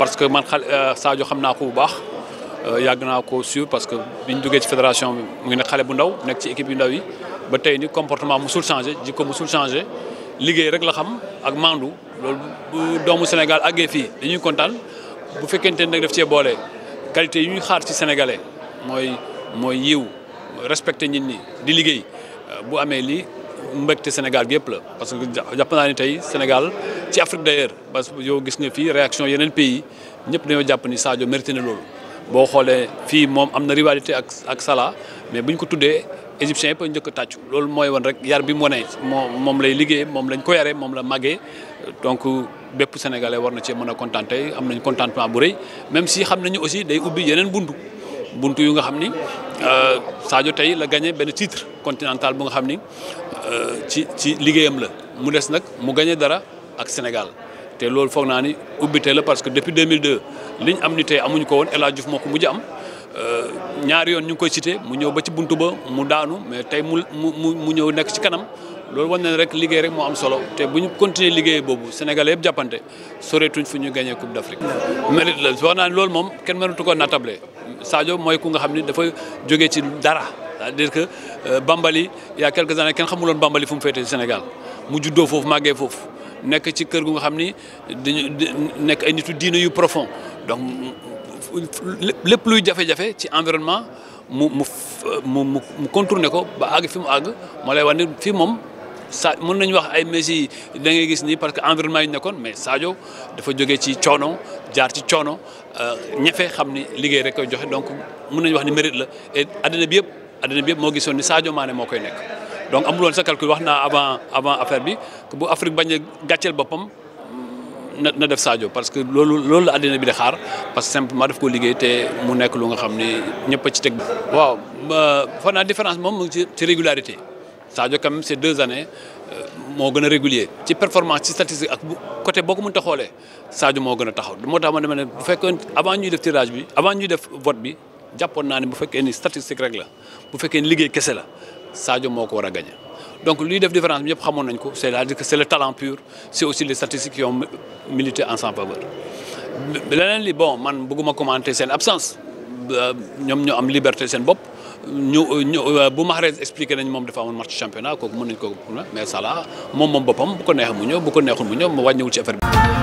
parce que man xal euh, Sadio xam naa ko bu baax euh, yàgg naa ko suivre parce que biñ ñu ci fédération mu ngi nekk xalé bu ndaw nek ci équipe yu ndaw yi ba tay ni comportement musul changé jikko musul changer liggéey rek la xam ak mandu lolou bu doomu Sénégal agué fi dañuy kontaan bu fekkente nak nag daf cee boole qualité yi ñuy xaar ci sénégalais moy moy yiw respecté nit ni di liggéey euh, bu amé li mbégte Sénégal bi yëpp la parce que jàpp naa ni tey Sénégal ci Afrique d'ailleurs parce que yoo gis nga fii réaction yeneen pays ñëpp dañoo jàpp ni Sadio mérité na loolu. boo xoolee fii moom am na rivalité ak ak Salah mais bu ñu ko tuddee égyptiens yëpp a njëkk tàccu loolu mooy woon rek yar bi mu wane moom moom lay liggéey moom lañ ko yaree moom la màggee donc bépp sénégalais war na cee mën a contenté am nañ contentement bu rëy même si xam nañu aussi day ubbi yeneen buntu. buntu yu nga xam ni euh, Sadio tey la gagné benn titre continental bu nga xam ni euh, ci ci liggéeyam la mu des nag mu gagné dara ak Sénégal te loolu foog naa ni ubbite la parce que depuis 2002 liñ am ni tey amuñu ko woon El Hadj Diouf moo ko mujj am euh, ñaari yoon ñu ngi koy cité mu ñëw ba ci buntu ba mu daanu mais tey mu mu mu ñëw nekk ci kanam loolu wan na rek liggéey rek moo am solo te buñ ñu continuer liggéey boobu Sénégalais yëpp jàppante soreetuñ fu ñu gagné Coupe d'Afrique mérite naa ni loolu moom kenn mënatu ko natable Sadio mooy ku nga xam ni dafa jóge ci dara c'est-à-dire que euh, Bambali il y a quelques kenn xamuloon Bambali fu mu féete Sénégal mu juddoo foofu màggee foofu nekk ci kër gu nga xam ni dañu nekk ay nitu diine yu profond donc lépp luy jafe-jafe ci environnement mu mu mu mu ko ba àgg fi mu àgg moo lay wax ni fii moom. sa mën nañu wax ay Messi da ngay gis ni parce que environnement yi nekkoon mais Sadio dafa joge ci coono jaar ci coono euh, ñefe xam ni liggéey rek koy joxe donc mun nañu wax ni mérite la addina bi yëpp addina bi yëpp moo gisoon ni Sadio Mané moo koy nekk. donc amul woon sa wax naa avant avant affaire bi bu Afrique bañ a gàcceel boppam na def Sadio parce que loolu loolu la bi di xaar parce que ma def ko liggéey te mu nekk lu nga xam ni ñëpp ci teg. waaw euh, fanaan différence moom ci régularité. Sadio quand même ces deux années euh, moo gën régulier ci performance ci statistique ak côté boo ko mënta xoolee Sadio moo gën a taxaw moo tax ma demee ne bu fekkee avant ñuy def tirage bi avant ñuy def vote bi jàppoon naa ne bu fekkee ni statistique rek la bu fekkee ni liggéey kese la Sadio moo ko war a gagné. donc luy def différence bi ñëpp xamoon nañ ko c' à dire que c'est le talent pur c'est aussi les statistiques qui ont milité en sa faveur. leneen li bon man bëgguma commenter seen absence euh, ñoom ñoo am liberté seen bopp. Nous, nous, euh, bu Mahrez expliqué nañ de dafa championnat nañ ko mais Salah nous. bu ko